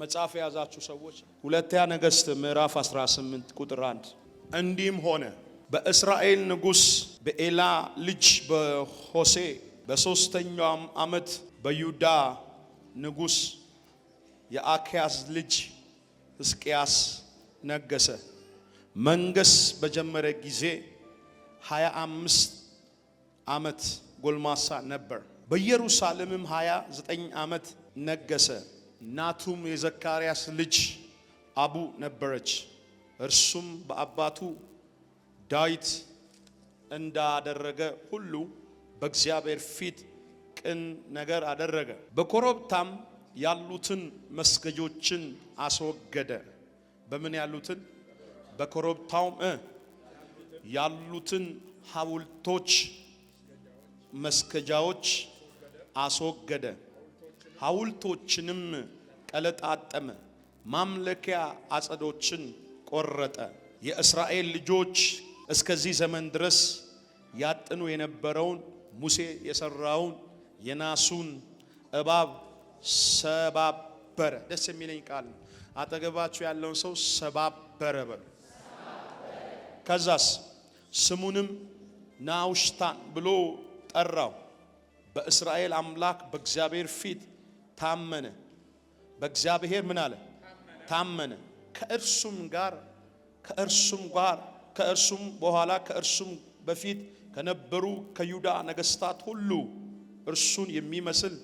መጽሐፍ የያዛችሁ ሰዎች ሁለተኛ ነገሥት ምዕራፍ 18 ቁጥር 1 እንዲህም ሆነ በእስራኤል ንጉሥ በኤላ ልጅ በሆሴ በሦስተኛውም ዓመት በይሁዳ ንጉሥ የአኪያስ ልጅ ሕዝቅያስ ነገሰ። መንገስ በጀመረ ጊዜ 25 ዓመት ጎልማሳ ነበር። በኢየሩሳሌምም 29 ዓመት ነገሰ። እናቱም የዘካርያስ ልጅ አቡ ነበረች። እርሱም በአባቱ ዳዊት እንዳደረገ ሁሉ በእግዚአብሔር ፊት ቅን ነገር አደረገ። በኮረብታም ያሉትን መስገጆችን አስወገደ። በምን ያሉትን? በኮረብታውም ያሉትን ሐውልቶች፣ መስገጃዎች አስወገደ። ሐውልቶችንም ቀለጣጠመ፣ ማምለኪያ አጸዶችን ቆረጠ። የእስራኤል ልጆች እስከዚህ ዘመን ድረስ ያጥኑ የነበረውን ሙሴ የሰራውን የናሱን እባብ ሰባበረ። ደስ የሚለኝ ቃል ነው። አጠገባችሁ ያለውን ሰው ሰባበረ በሉ። ከዛስ ስሙንም ናውሽታን ብሎ ጠራው። በእስራኤል አምላክ በእግዚአብሔር ፊት ታመነ። በእግዚአብሔር ምን አለ ታመነ። ከእርሱም ጋር ከእርሱም ጋር ከእርሱም በኋላ ከእርሱም በፊት ከነበሩ ከይሁዳ ነገሥታት ሁሉ እርሱን የሚመስል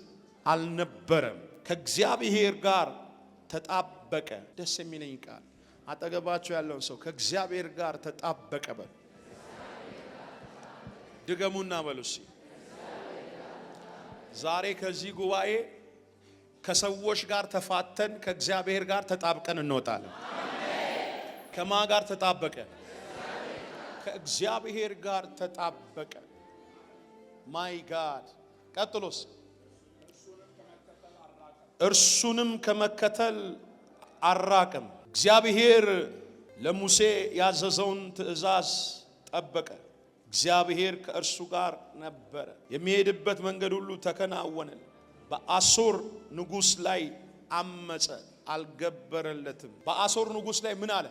አልነበረም። ከእግዚአብሔር ጋር ተጣበቀ። ደስ የሚለኝ ቃል አጠገባቸው ያለውን ሰው ከእግዚአብሔር ጋር ተጣበቀ በል። ድገሙና በሉ። ዛሬ ከዚህ ጉባኤ ከሰዎች ጋር ተፋተን ከእግዚአብሔር ጋር ተጣብቀን እንወጣለን። ከማ ጋር ተጣበቀ? ከእግዚአብሔር ጋር ተጣበቀ። ማይ ጋድ። ቀጥሎስ? እርሱንም ከመከተል አራቅም። እግዚአብሔር ለሙሴ ያዘዘውን ትእዛዝ ጠበቀ። እግዚአብሔር ከእርሱ ጋር ነበረ። የሚሄድበት መንገድ ሁሉ ተከናወነል። በአሶር ንጉሥ ላይ አመፀ፣ አልገበረለትም። በአሶር ንጉሥ ላይ ምን አለ?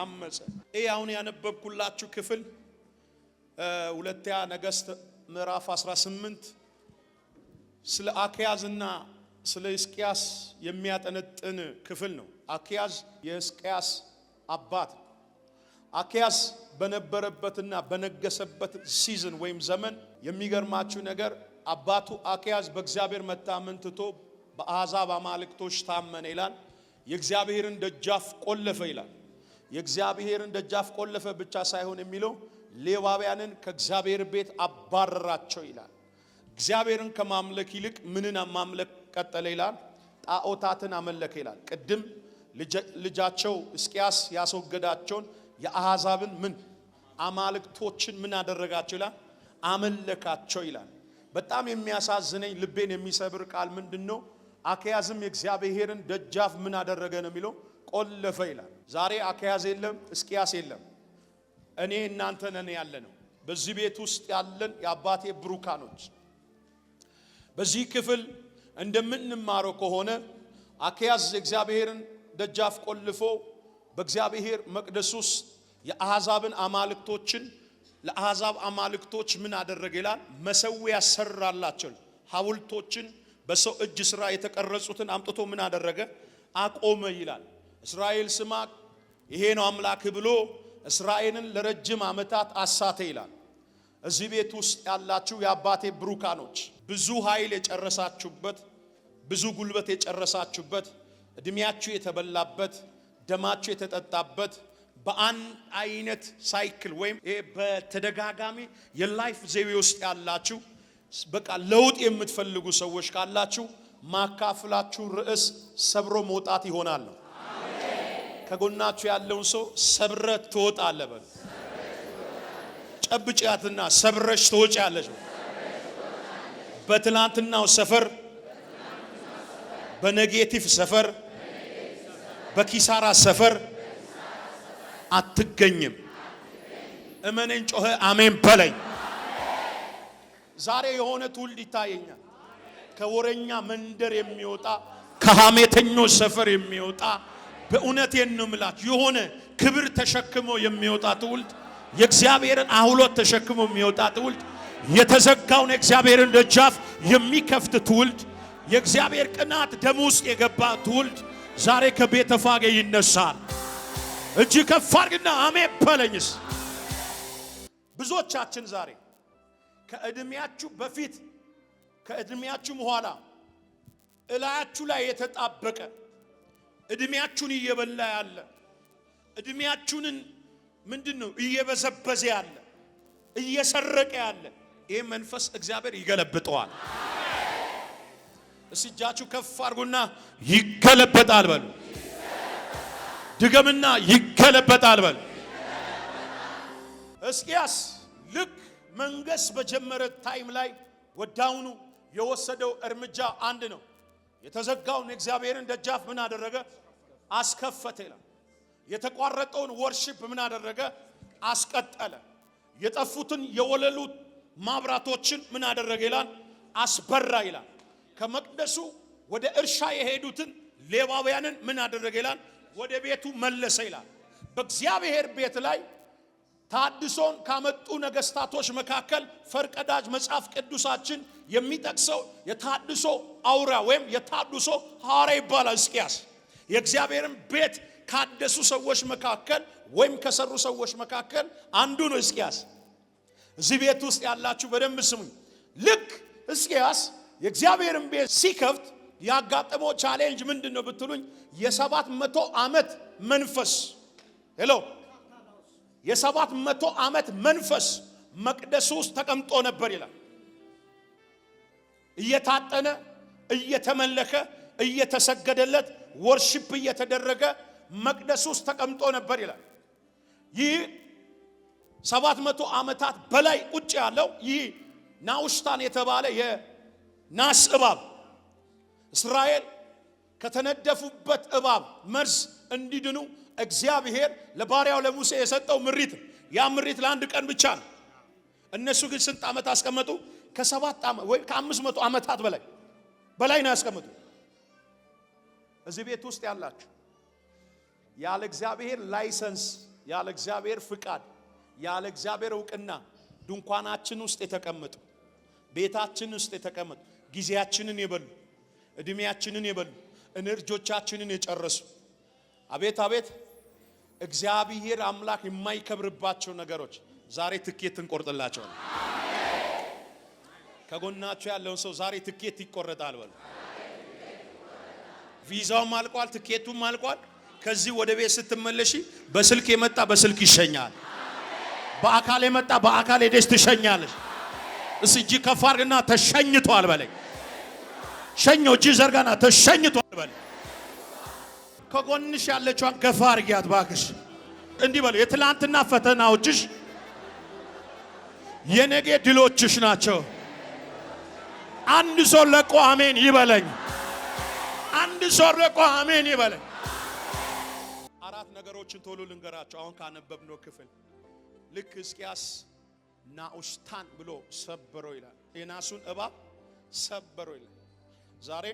አመፀ። ይህ አሁን ያነበብኩላችሁ ክፍል ሁለተኛ ነገሥት ምዕራፍ 18 ስለ አክያዝና ስለ ሕዝቅያስ የሚያጠነጥን ክፍል ነው። አክያዝ የሕዝቅያስ አባት ነው። አክያዝ በነበረበትና በነገሰበት ሲዝን ወይም ዘመን የሚገርማችሁ ነገር አባቱ አኪያዝ በእግዚአብሔር መታመን ትቶ በአሕዛብ አማልክቶች ታመነ ይላል። የእግዚአብሔርን ደጃፍ ቆለፈ ይላል። የእግዚአብሔርን ደጃፍ ቆለፈ ብቻ ሳይሆን የሚለው ሌዋውያንን ከእግዚአብሔር ቤት አባረራቸው ይላል። እግዚአብሔርን ከማምለክ ይልቅ ምንን ማምለክ ቀጠለ ይላል። ጣዖታትን አመለከ ይላል። ቅድም ልጃቸው እስቅያስ ያስወገዳቸውን የአሕዛብን ምን አማልክቶችን ምን አደረጋቸው ይላል። አመለካቸው ይላል። በጣም የሚያሳዝነኝ ልቤን የሚሰብር ቃል ምንድን ነው? አክያዝም የእግዚአብሔርን ደጃፍ ምን አደረገ ነው የሚለው ቆለፈ ይላል። ዛሬ አክያዝ የለም፣ እስቅያስ የለም። እኔ እናንተ ነን ያለ ነው። በዚህ ቤት ውስጥ ያለን የአባቴ ብሩካኖች በዚህ ክፍል እንደምንማረው ከሆነ አክያዝ የእግዚአብሔርን ደጃፍ ቆልፎ በእግዚአብሔር መቅደስ ውስጥ የአሕዛብን አማልክቶችን ለአሕዛብ አማልክቶች ምን አደረገ ይላል? መሰዊያ ሰራላቸው። ሐውልቶችን በሰው እጅ ስራ የተቀረጹትን አምጥቶ ምን አደረገ? አቆመ ይላል። እስራኤል ስማ ይሄ ነው አምላክ ብሎ እስራኤልን ለረጅም ዓመታት አሳተ ይላል። እዚህ ቤት ውስጥ ያላችሁ የአባቴ ብሩካኖች ብዙ ኃይል የጨረሳችሁበት፣ ብዙ ጉልበት የጨረሳችሁበት፣ እድሜያችሁ የተበላበት፣ ደማችሁ የተጠጣበት በአንድ አይነት ሳይክል ወይም በተደጋጋሚ የላይፍ ዘይቤ ውስጥ ያላችሁ በቃ ለውጥ የምትፈልጉ ሰዎች ካላችሁ ማካፍላችሁ ርዕስ ሰብሮ መውጣት ይሆናል ነው። ከጎናችሁ ያለውን ሰው ሰብረ ትወጣ በሉ። ጨብጫትና ሰብረሽ ትወጪያለሽ። በትላንትናው ሰፈር፣ በኔጌቲቭ ሰፈር፣ በኪሳራ ሰፈር አትገኝም። እመኔን ጮኸ አሜን በለኝ። ዛሬ የሆነ ትውልድ ይታየኛል። ከወረኛ መንደር የሚወጣ ከሐሜተኞች ሰፈር የሚወጣ በእውነት ነው የሆነ ክብር ተሸክሞ የሚወጣ ትውልድ፣ የእግዚአብሔርን አሁሎት ተሸክሞ የሚወጣ ትውልድ፣ የተዘጋውን የእግዚአብሔርን ደጃፍ የሚከፍት ትውልድ፣ የእግዚአብሔር ቅናት ደም ውስጥ የገባ ትውልድ ዛሬ ከቤተፋጌ ይነሳል። እጅ ከፍ አድርግና አሜን በለኝስ። ብዙዎቻችን ዛሬ ከእድሜያችሁ በፊት ከእድሜያችሁ በኋላ እላያችሁ ላይ የተጣበቀ እድሜያችሁን እየበላ ያለ እድሜያችሁንን ምንድን ነው እየበዘበዘ ያለ እየሰረቀ ያለ ይህ መንፈስ እግዚአብሔር ይገለብጠዋል። እስቲ እጃችሁ ከፍ አድርጉና ይገለበጣል በሉ። ድገምና ይገለበጣል በል። ሕዝቅያስ ልክ መንገስ በጀመረ ታይም ላይ ወዳውኑ የወሰደው እርምጃ አንድ ነው። የተዘጋውን የእግዚአብሔርን ደጃፍ ምን አደረገ? አስከፈተ ይላል። የተቋረጠውን ወርሺፕ ምን አደረገ? አስቀጠለ። የጠፉትን የወለሉ ማብራቶችን ምን አደረገ ይላል? አስበራ ይላል። ከመቅደሱ ወደ እርሻ የሄዱትን ሌባውያንን ምን አደረገ ይላል? ወደ ቤቱ መለሰ ይላል። በእግዚአብሔር ቤት ላይ ታድሶን ካመጡ ነገስታቶች መካከል ፈርቀዳጅ መጽሐፍ ቅዱሳችን የሚጠቅሰው የታድሶ አውራ ወይም የታድሶ ሐዋርያ ይባላል እስኪያስ የእግዚአብሔርን ቤት ካደሱ ሰዎች መካከል ወይም ከሰሩ ሰዎች መካከል አንዱ ነው እስኪያስ። እዚህ ቤት ውስጥ ያላችሁ በደንብ ስሙኝ። ልክ እስኪያስ የእግዚአብሔርን ቤት ሲከፍት ያጋጠመው ቻሌንጅ ምንድን ነው ብትሉኝ፣ የሰባት መቶ ዓመት መንፈስ ሄሎ፣ የሰባት መቶ ዓመት መንፈስ መቅደሱ ውስጥ ተቀምጦ ነበር ይላል። እየታጠነ እየተመለከ እየተሰገደለት ወርሺፕ እየተደረገ መቅደሱ ውስጥ ተቀምጦ ነበር ይላል። ይህ ሰባት መቶ ዓመታት በላይ ቁጭ ያለው ይህ ናውሽታን የተባለ የናስ እባብ እስራኤል ከተነደፉበት እባብ መርዝ እንዲድኑ እግዚአብሔር ለባሪያው ለሙሴ የሰጠው ምሪት ያ ምሪት ለአንድ ቀን ብቻ ነው። እነሱ ግን ስንት ዓመት አስቀመጡ? ከሰባት ዓመት ወይም ከአምስት መቶ ዓመታት በላይ በላይ ነው ያስቀመጡ። እዚህ ቤት ውስጥ ያላችሁ ያለ እግዚአብሔር ላይሰንስ፣ ያለ እግዚአብሔር ፍቃድ፣ ያለ እግዚአብሔር እውቅና ድንኳናችን ውስጥ የተቀመጡ ቤታችን ውስጥ የተቀመጡ ጊዜያችንን የበሉ እድሜያችንን የበሉ እንርጆቻችንን የጨረሱ አቤት አቤት እግዚአብሔር አምላክ የማይከብርባቸው ነገሮች ዛሬ ትኬት እንቆርጥላቸዋለን። ከጎናቸው ያለውን ሰው ዛሬ ትኬት ይቆረጣል በሉ። ቪዛውም አልቋል፣ ትኬቱም አልቋል። ከዚህ ወደ ቤት ስትመለሺ በስልክ የመጣ በስልክ ይሸኛል፣ በአካል የመጣ በአካል ሄደሽ ትሸኛለሽ። እስጂ ከፋርግና ተሸኝቷል በለኝ ሸኞ እጅ ዘርጋና ተሸኝቷል በል። ከጎንሽ ያለችዋን ገፋ አርጊያት ባክሽ። እንዲህ በሉ የትላንትና ፈተናዎችሽ የነገ ድሎችሽ ናቸው። አንድ ሰው ለቆ አሜን ይበለኝ። አንድ ሰው ለቆ አሜን ይበለኝ። አራት ነገሮችን ቶሎ ልንገራቸው። አሁን ካነበብነው ክፍል ልክ ሕዝቅያስ ናኡስታን ብሎ ሰበረው ይላል። የናሱን እባብ ሰበረው ይላል። ዛሬ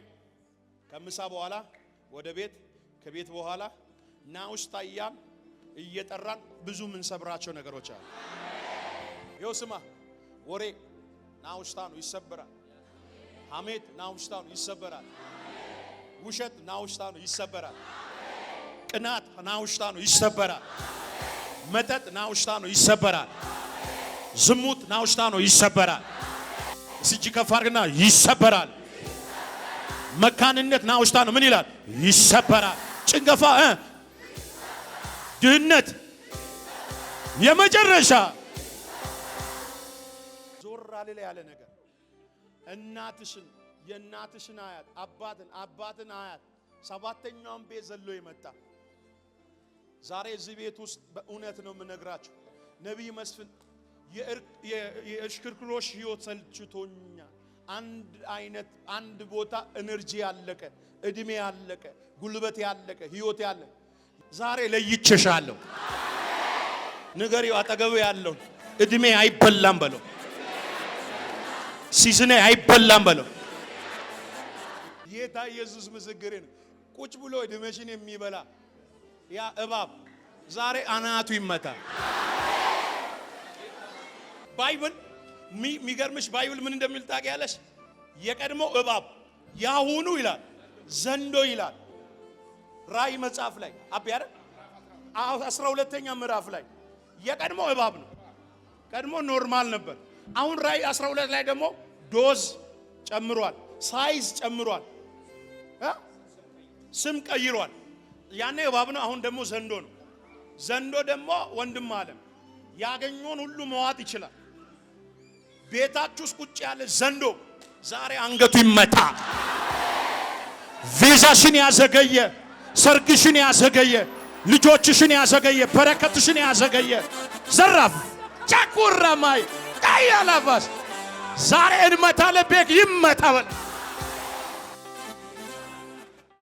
ከምሳ በኋላ ወደ ቤት ከቤት በኋላ ና ውስጥ አያም እየጠራን ብዙ የምንሰብራቸው ነገሮች አሉ። ይኸው ስማ፣ ወሬ ና ነው ይሰበራል። ሐሜት ና ነው ይሰበራል። ውሸት ና ነው ይሰበራል። ቅናት ና ነው ይሰበራል። መጠጥ ና ነው ይሰበራል። ዝሙት ና ውስጣ ነው ይሰበራል። እስጂ ከፋርግና ይሰበራል። መካንነት ናውሽታ ነው። ምን ይላል? ይሰበራል። ጭንገፋ፣ ድህነት፣ የመጨረሻ ዞራ ያለ ነገር እናትሽን የእናትሽን አያት አባትን አባትን አያት ሰባተኛውን ቤት ዘሎ የመጣ ዛሬ እዚህ ቤት ውስጥ በእውነት ነው የምነግራቸው። ነቢይ መስፍን የእሽክርክሮሽ ህይወት ሰልችቶኛል አንድ አይነት አንድ ቦታ ኤነርጂ ያለቀ፣ እድሜ ያለቀ፣ ጉልበት ያለቀ፣ ህይወት ያለ ዛሬ ለይቼሻለሁ። ንገሪው፣ አጠገብ ያለው እድሜ አይበላም በለው፣ ሲዝኔ አይበላም በለው። ጌታ ኢየሱስ ምስክሬ ነው። ቁጭ ብሎ እድሜሽን የሚበላ ያ እባብ ዛሬ አናቱ ይመታ ባይብል የሚገርምሽ ባይብል ምን እንደሚል ታውቂያለሽ? የቀድሞ እባብ ያሁኑ ይላል ዘንዶ ይላል። ራእይ መጽሐፍ ላይ ያረ አስራ ሁለተኛ ምዕራፍ ላይ የቀድሞ እባብ ነው። ቀድሞ ኖርማል ነበር። አሁን ራእይ 12 ላይ ደግሞ ዶዝ ጨምሯል፣ ሳይዝ ጨምሯል፣ ስም ቀይሯል። ያኔ እባብ ነው፣ አሁን ደግሞ ዘንዶ ነው። ዘንዶ ደግሞ ወንድም አለ ያገኘውን ሁሉ መዋጥ ይችላል። ቤታችሁ ውስጥ ቁጭ ያለ ዘንዶ ዛሬ አንገቱ ይመታ። ቪዛሽን ያዘገየ፣ ሰርግሽን ያዘገየ፣ ልጆችሽን ያዘገየ፣ በረከትሽን ያዘገየ ዘራፍ ጫቁራማይ ዛሬ እንመታ ይመታ በል